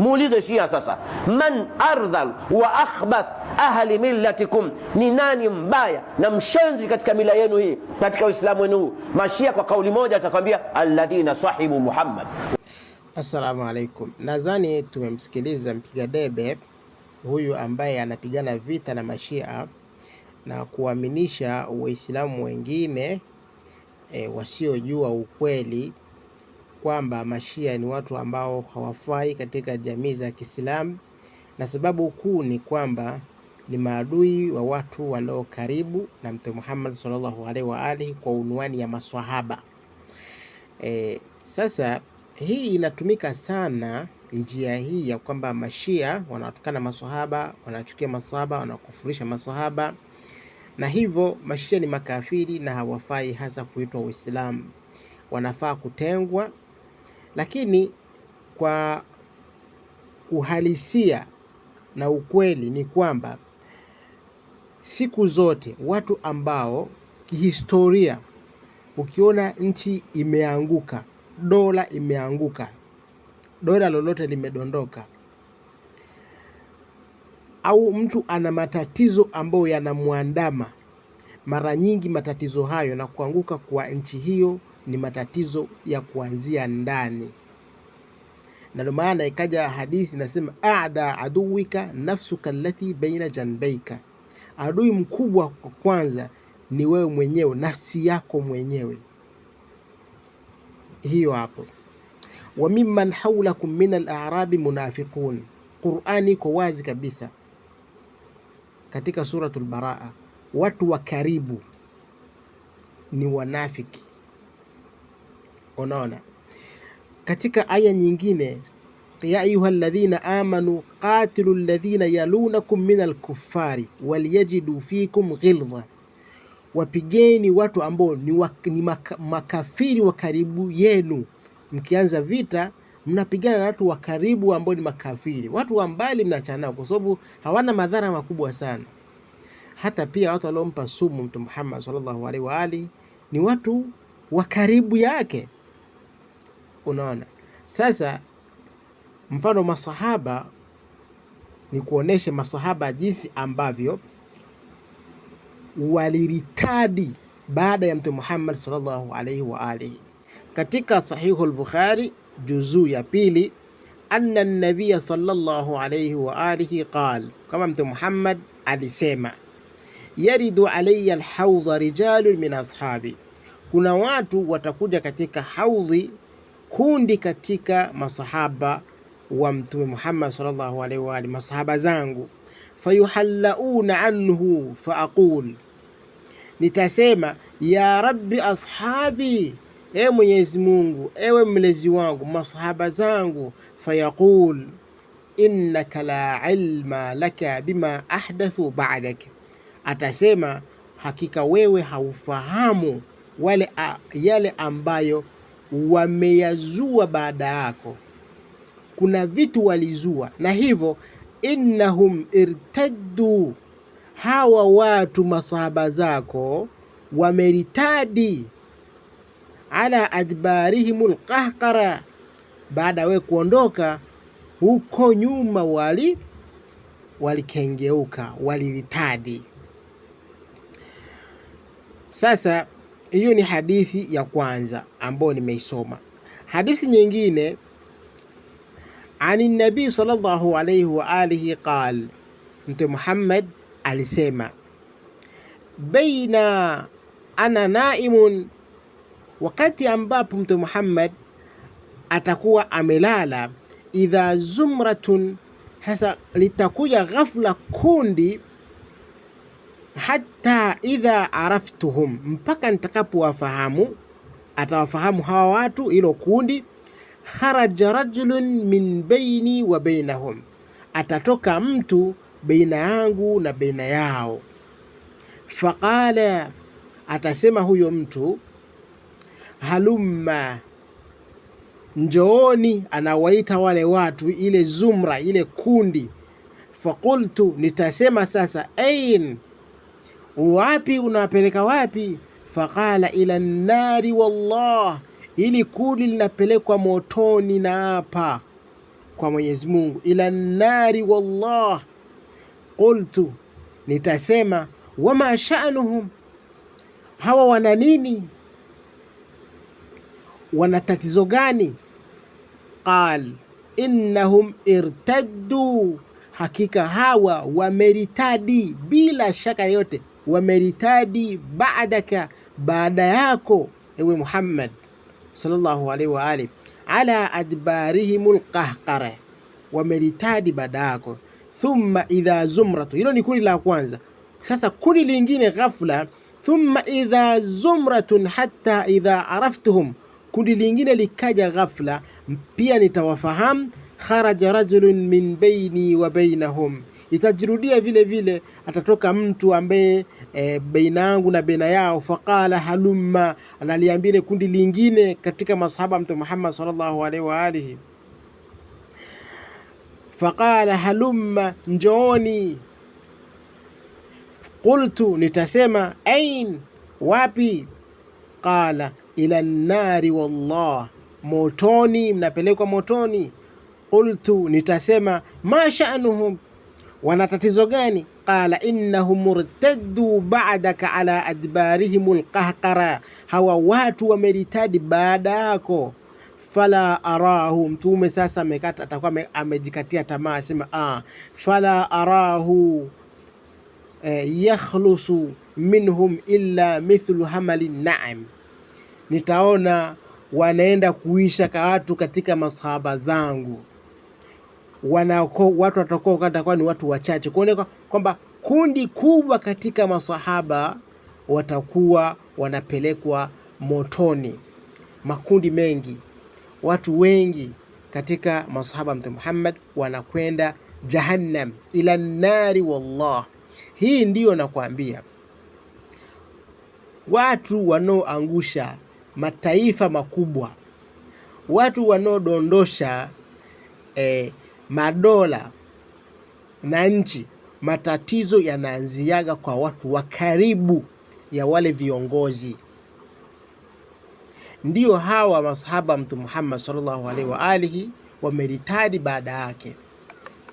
Muulize Shia sasa, man ardhal wa akhbath ahli millatikum, ni nani mbaya na mshenzi katika mila yenu hii, katika Uislamu wenu huu? Mashia kwa kauli moja atakwambia alladhina sahibu Muhammad. Assalamu alaikum. Nadhani tumemsikiliza mpiga debe huyu ambaye anapigana vita na mashia na kuaminisha Waislamu wengine e, wasiojua ukweli kwamba mashia ni watu ambao hawafai katika jamii za Kiislamu, na sababu kuu ni kwamba ni maadui wa watu walio karibu na Mtume Muhammad sallallahu alaihi wa alihi kwa unwani ya maswahaba. E, sasa hii inatumika sana njia hii ya kwamba mashia wanawatukana maswahaba, wanachukia maswahaba, wanakufurisha maswahaba, na hivyo mashia ni makafiri na hawafai hasa kuitwa Uislamu, wanafaa kutengwa lakini kwa uhalisia na ukweli ni kwamba siku zote watu ambao kihistoria ukiona nchi imeanguka, dola imeanguka, dola lolote limedondoka au mtu ana matatizo ambayo yanamwandama, mara nyingi matatizo hayo na kuanguka kwa nchi hiyo ni matatizo ya kuanzia ndani, na ndio maana ikaja hadithi inasema, ada aduwika nafsuka allati baina janbaika, adui mkubwa kwa kwanza ni wewe mwenyewe, nafsi yako mwenyewe. Hiyo hapo wa mimman haulakum min al-a'rabi munafiqun. Qur'ani iko wazi kabisa katika Suratul Baraa, watu wa karibu ni wanafiki. Unaona, katika aya nyingine, ya ayuha ladhina amanu qatilu ladhina yalunakum min alkufari walyajidu fikum ghilza, wapigeni watu ambao ni, wak, ni makafiri wa karibu yenu. Mkianza vita mnapigana na watu wa karibu ambao ni makafiri. Watu wa mbali mnaachana nao, kwa sababu hawana madhara makubwa sana. Hata pia watu waliompa sumu Mtume Muhammad sallallahu alaihi wa ali ni watu wa karibu yake. Unaona, sasa mfano masahaba ni kuonesha masahaba jinsi ambavyo waliritadi baada ya Mtume Muhammad sallallahu alaihi wa alihi. Katika Sahihu al-Bukhari juzuu ya pili, anna an-nabiy sallallahu alaihi wa alihi qal, kama Mtume Muhammad alisema, yaridu alayya alhaudha rijalun min ashabi, kuna watu watakuja katika haudhi kundi katika masahaba wa Mtume Muhammad sallallahu alaihi wa alihi, masahaba zangu fayuhallauna anhu faaqul, nitasema ya rabbi ashabi, e Mwenyezi Mungu, ewe mlezi wangu, masahaba zangu. Fayaqul innaka la ilma laka bima ahdathu ba'dak, atasema hakika wewe haufahamu wale yale ambayo wameyazua baada yako, kuna vitu walizua, na hivyo innahum irtaddu, hawa watu masahaba zako wameritadi ala adbarihim lqahqara, baada we kuondoka huko nyuma wali walikengeuka, waliritadi. Sasa hiyo ni hadithi ya kwanza ambayo nimeisoma. Hadithi nyingine, ani nabii sallallahu alaihi wa alihi qal, Mtume Muhammad alisema, baina ana naimun, wakati ambapo Mtume Muhammad atakuwa amelala, idha zumratun, hasa litakuja ghafla kundi hatta idha araftuhum, mpaka nitakapowafahamu, atawafahamu hawa watu, hilo kundi. Kharaja rajulun min baini wa bainahum, atatoka mtu baina yangu na baina yao. Faqala, atasema huyo mtu halumma njooni, anawaita wale watu, ile zumra, ile kundi. Faqultu, nitasema sasa ain wapi unawapeleka wapi? Faqala ila nnari, wallah, ili kundi linapelekwa motoni na hapa kwa Mwenyezi Mungu. Ila nnari, wallah. Qultu, nitasema wama sha'nuhum, hawa wana nini? Wana tatizo gani? Qal innahum irtaddu, hakika hawa wameritadi bila shaka yote wameritadi baadaka, baada yako ewe Muhammad sallallahu alaihi wa ali ala adbarihim alqahqara, wameritadi baada yako. Thumma idha zumratu, hilo ni kundi la kwanza. Sasa kundi lingine ghafla, thumma idha zumratun hatta idha araftuhum, kundi lingine likaja ghafla, pia nitawafahamu. Kharaja rajulun min baini wa bainahum itajirudia vile vile. Atatoka mtu ambaye e, baina yangu na baina yao, faqala halumma, analiambia kundi lingine katika masahaba Mtume Muhammad sallallahu alaihi wa alihi, faqala halumma, njooni. Qultu, nitasema ain, wapi? Qala ila nnari, wallah, motoni, mnapelekwa motoni. Qultu, nitasema ma sha'nuhum wana tatizo gani? Qala innahum murtaddu ba'daka ala adbarihim alqahqara, hawa watu wameritadi baada yako. Fala arahu, Mtume sasa amekata, atakuwa amejikatia tamaa, asema ah, fala arahu eh, yakhlusu minhum illa mithlu hamali naam, nitaona wanaenda kuisha ka watu katika masahaba zangu wanako, watu watakuwa watakuwa ni watu wachache, kuoneka kwamba kundi kubwa katika masahaba watakuwa wanapelekwa motoni. Makundi mengi, watu wengi katika masahaba Mtume Muhammad wanakwenda jahannam, ila nari. Wallah, hii ndiyo nakwambia, watu wanaoangusha mataifa makubwa, watu wanaodondosha eh, madola na nchi, matatizo yanaanziaga kwa watu wa karibu ya wale viongozi. Ndiyo hawa masahaba Mtu Muhammad sallallahu alaihi wa alihi wameritadi baada yake.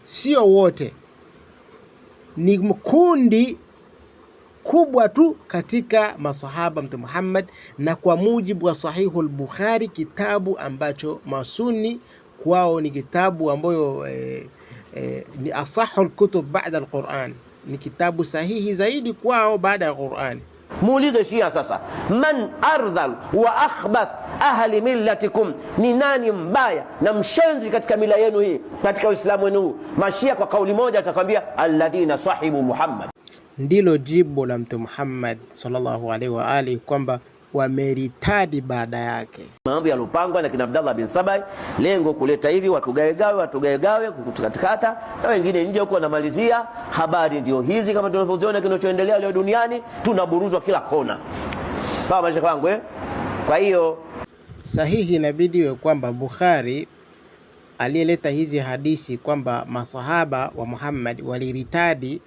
Sio wote, ni kundi kubwa tu katika masahaba Mtu Muhammad, na kwa mujibu wa sahihu bukhari kitabu ambacho masuni kwao ni kitabu ambayo e, e, ni asahu lkutub baada lquran ni kitabu sahihi zaidi kwao baada ya Qurani. Muulize Shia sasa, man ardhal wa akhbath ahli millatikum, ni nani mbaya na mshenzi katika mila yenu hii, katika Uislamu wenu huu? Mashia kwa kauli moja atakwambia alladhina sahibu Muhammad. Ndilo jibu la Mtume Muhammad sallallahu alaihi wa alihi kwamba wameritadi baada yake. Mambo yalopangwa na kina Abdallah bin Sabai, lengo kuleta hivi watugawegawe, watugawegawe, kukatakata na wengine nje huko wanamalizia. Habari ndio hizi, kama tunavyoziona kinachoendelea leo duniani, tunaburuzwa kila kona. Sawa maisha kwangu eh? Kwa hiyo sahihi na iwe kwamba Bukhari aliyeleta hizi hadisi kwamba masahaba wa Muhammad waliritadi,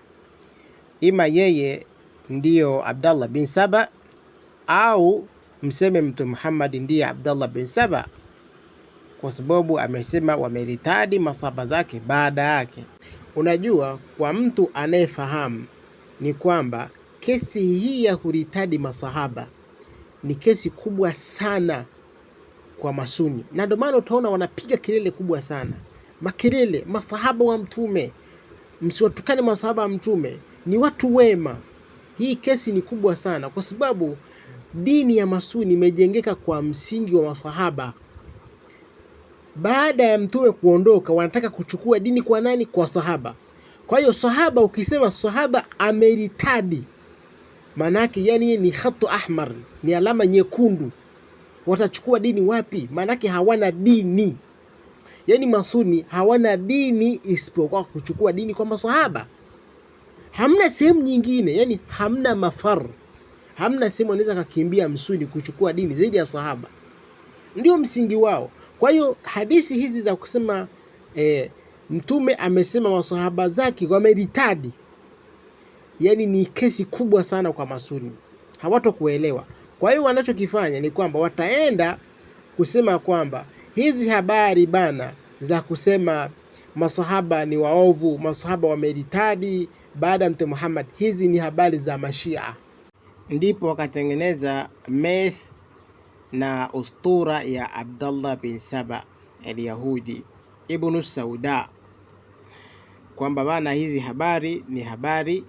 ima yeye ndiyo Abdallah bin Saba au mseme mtu Muhammad ndiye Abdallah bin Saba, kwa sababu amesema wameritadi masaba zake baada yake. Unajua, kwa mtu anayefahamu ni kwamba kesi hii ya kuritadi masahaba ni kesi kubwa sana kwa Masuni, na ndio maana utaona wanapiga kelele kubwa sana, makelele masahaba wa Mtume, msiwatukane masahaba wa Mtume, ni watu wema. Hii kesi ni kubwa sana kwa sababu Dini ya masuni imejengeka kwa msingi wa masahaba. Baada ya mtume kuondoka, wanataka kuchukua dini kwa nani? Kwa sahaba. Kwa hiyo sahaba, ukisema sahaba ameritadi, maanake yani ni khatu ahmar, ni alama nyekundu. Watachukua dini wapi? Maanake hawana dini, yani masuni hawana dini isipokuwa kuchukua dini kwa masahaba. Hamna sehemu nyingine, yani hamna mafar hamna sehemu anaweza kakimbia msuni kuchukua dini zaidi ya sahaba, ndio msingi wao. Kwa hiyo hadithi hizi za kusema e, mtume amesema masahaba zake wameritadi, yani ni kesi kubwa sana kwa masuni, hawatokuelewa. Kwa hiyo wanachokifanya ni kwamba wataenda kusema kwamba hizi habari bana za kusema masahaba ni waovu, masahaba wameritadi baada ya mtume Muhammad, hizi ni habari za mashia ndipo wakatengeneza meth na ustura ya Abdallah bin Saba al-Yahudi Ibnu Sauda, kwamba maana hizi habari ni habari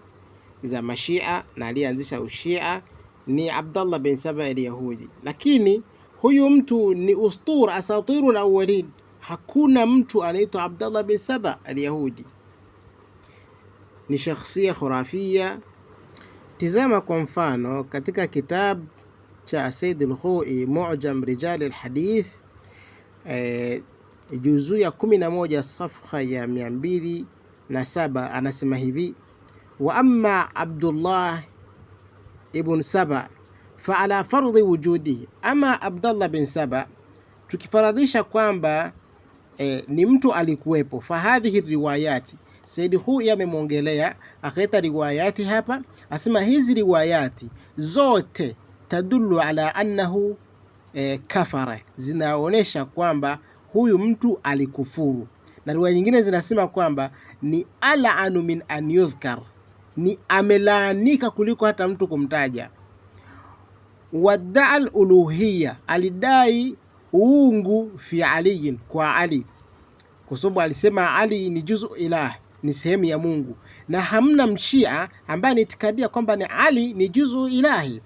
za mashia na aliyeanzisha ushia ni Abdallah bin Saba al-Yahudi, lakini huyu mtu ni ustura asatirul awalin Hakuna mtu anaitwa Abdallah bin Saba al-Yahudi, ni shakhsia khurafia Tizama kwa mfano katika kitabu cha Said al-Khoi Mujam al-Hadith e, eh, juzu ya 11 safha ya 207 anasema hivi: wa amma Abdullah ibn Saba fa ala fardhi wujudihi, ama Abdullah bin Saba tukifaradhisha kwamba e, ni mtu alikuwepo, fa hadhihi riwayati Said Hui amemwongelea akaleta riwayati hapa, asema hizi riwayati zote tadulu ala annahu e, kafara, zinaonyesha kwamba huyu mtu alikufuru, na riwaya nyingine zinasema kwamba ni alaanu min an yudhkar, ni amelaanika kuliko hata mtu kumtaja. Wadaa aluluhiya, alidai uungu fi aliyin, kwa Ali, kwa sababu alisema Ali ni juzu ilahi ni sehemu ya Mungu, na hamna mshia ambaye anaitikadia kwamba ni Ali ni juzu ilahi.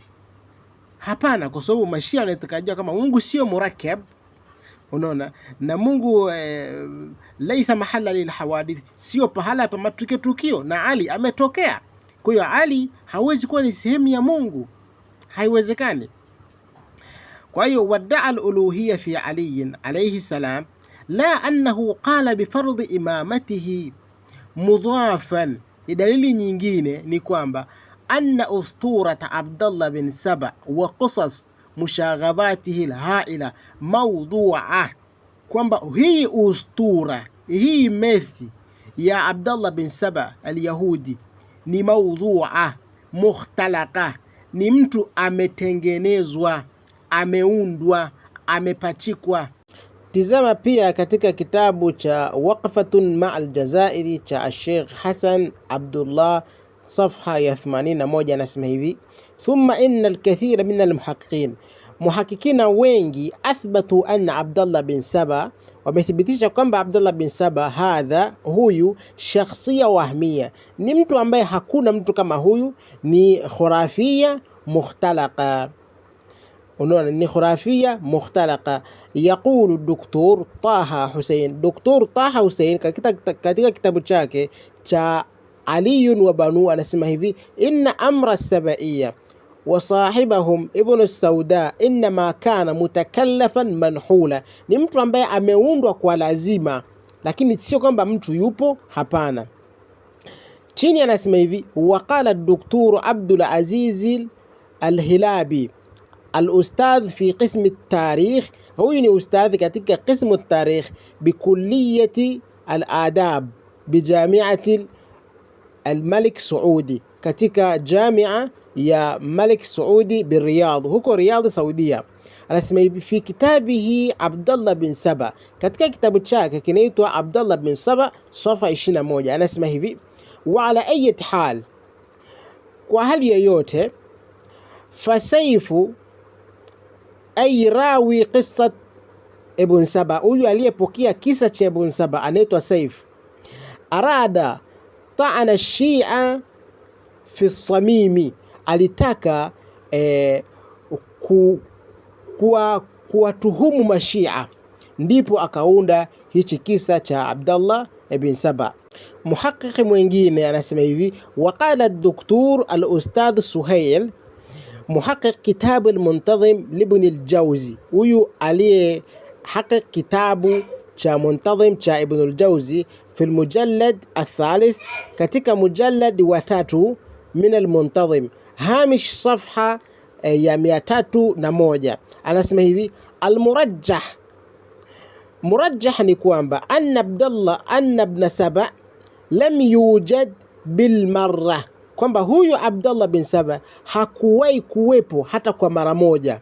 Hapana, kwa sababu mashia wanaitikadia kama Mungu sio murakab, unaona, na Mungu e, laisa mahala lil hawadith, sio pahala pa matukio tukio, na Ali ametokea. Kwa hiyo Ali hawezi kuwa ni sehemu ya Mungu, haiwezekani. Kwa hiyo wadaa aluluhiya fi aliyin alayhi salam la annahu qala bifardhi imamatihi mudhafan ni dalili nyingine ni kwamba anna usturata Abdallah bin Saba wa qisas mushaghabatihi lhaila mawdu'a, kwamba hii ustura hii methi ya Abdallah bin Saba Alyahudi ni maudhua mukhtalaka, ni mtu ametengenezwa, ameundwa, amepachikwa Tizama pia katika kitabu cha Waqfatun ma Aljazairi cha Sheikh Hasan Abdullah, safha ya 81, anasema hivi: thumma inna alkathira min almuhaqiqin, muhakikina wengi athbatu anna Abdallah bin Saba, wamethibitisha kwamba Abdallah bin Saba hadha, huyu shakhsia wahmia, ni mtu ambaye hakuna mtu kama huyu, ni khurafia mukhtalaka. Unaona ni khurafia mukhtalaka. Yaqulu Dr. Taha Hussein, Dr. Taha Hussein katika kitabu chake cha Aliyun wa Banu anasema hivi, inna amra sabaiya wa sahibahum ibnu sauda inma kana mutakallafan manhula, ni mtu ambaye ameundwa kwa lazima, lakini sio kwamba mtu yupo, hapana. Chini anasema hivi, waqala Dr. Abdul Aziz Alhilabi الأستاذ في قسم التاريخ هو يعني أستاذ كتك قسم التاريخ بكلية الآداب بجامعة الملك سعودي كتك جامعة يا ملك سعودي بالرياض هو رياض سعودية رسمي في كتابه عبد الله بن سبا كنيتو عبد الله بن سبا صفا إشينا موجة أنا اسمه في وعلى أي حال وهل hali yoyote ai rawi qissat Ibn Saba, huyu aliyepokea kisa cha Ibn Saba anaitwa Saif. Arada taana shia fi samimi, alitaka eh, ku, kuwa kuwatuhumu mashia, ndipo akaunda hichi kisa cha Abdallah ibn Saba. Muhaqiqi mwingine anasema hivi, waqala doktor al ustadh Suhail muhaqiq kitabu al-Muntadhim libn al-Jauzi, huyu aliye haqiq kitabu cha Muntadhim cha Ibn al-Jauzi fil mujallad athalis, katika mujallad wa tatu min al-Muntadhim, hamish safha e, ya mia tatu na moja anasema hivi almurajjah murajjah ni kwamba anna Abdullah anna ibn Saba lam yujad bilmarra kwamba huyu abdullah bin Saba hakuwahi kuwepo hata kwa mara moja,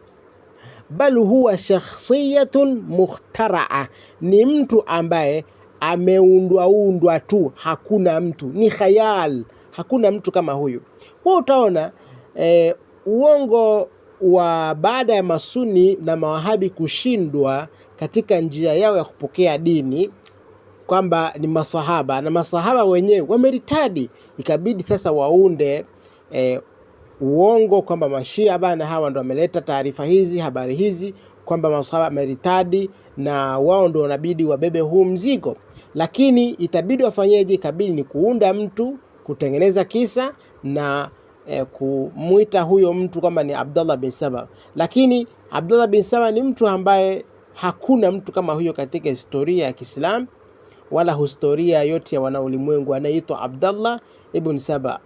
bal huwa shakhsiyatun mukhtaraa, ni mtu ambaye ameundwaundwa tu, hakuna mtu, ni khayal, hakuna mtu kama huyu. Kwa utaona e, uongo wa baada ya masuni na mawahabi kushindwa katika njia yao ya kupokea dini kwamba ni masahaba na masahaba wenyewe wameritadi, ikabidi sasa waunde e, uongo kwamba mashia bana hawa ndo wameleta taarifa hizi habari hizi kwamba maswahaba wameritadi na wao ndo wanabidi wabebe huu mzigo. Lakini itabidi wafanyeje? Ikabidi ni kuunda mtu, kutengeneza kisa na e, eh, kumwita huyo mtu kwamba ni Abdallah bin Saba. Lakini Abdallah bin Saba ni mtu ambaye hakuna mtu kama huyo katika historia ya Kiislamu wala historia yote ya wanaulimwengu, anaitwa Abdallah ibn Saba.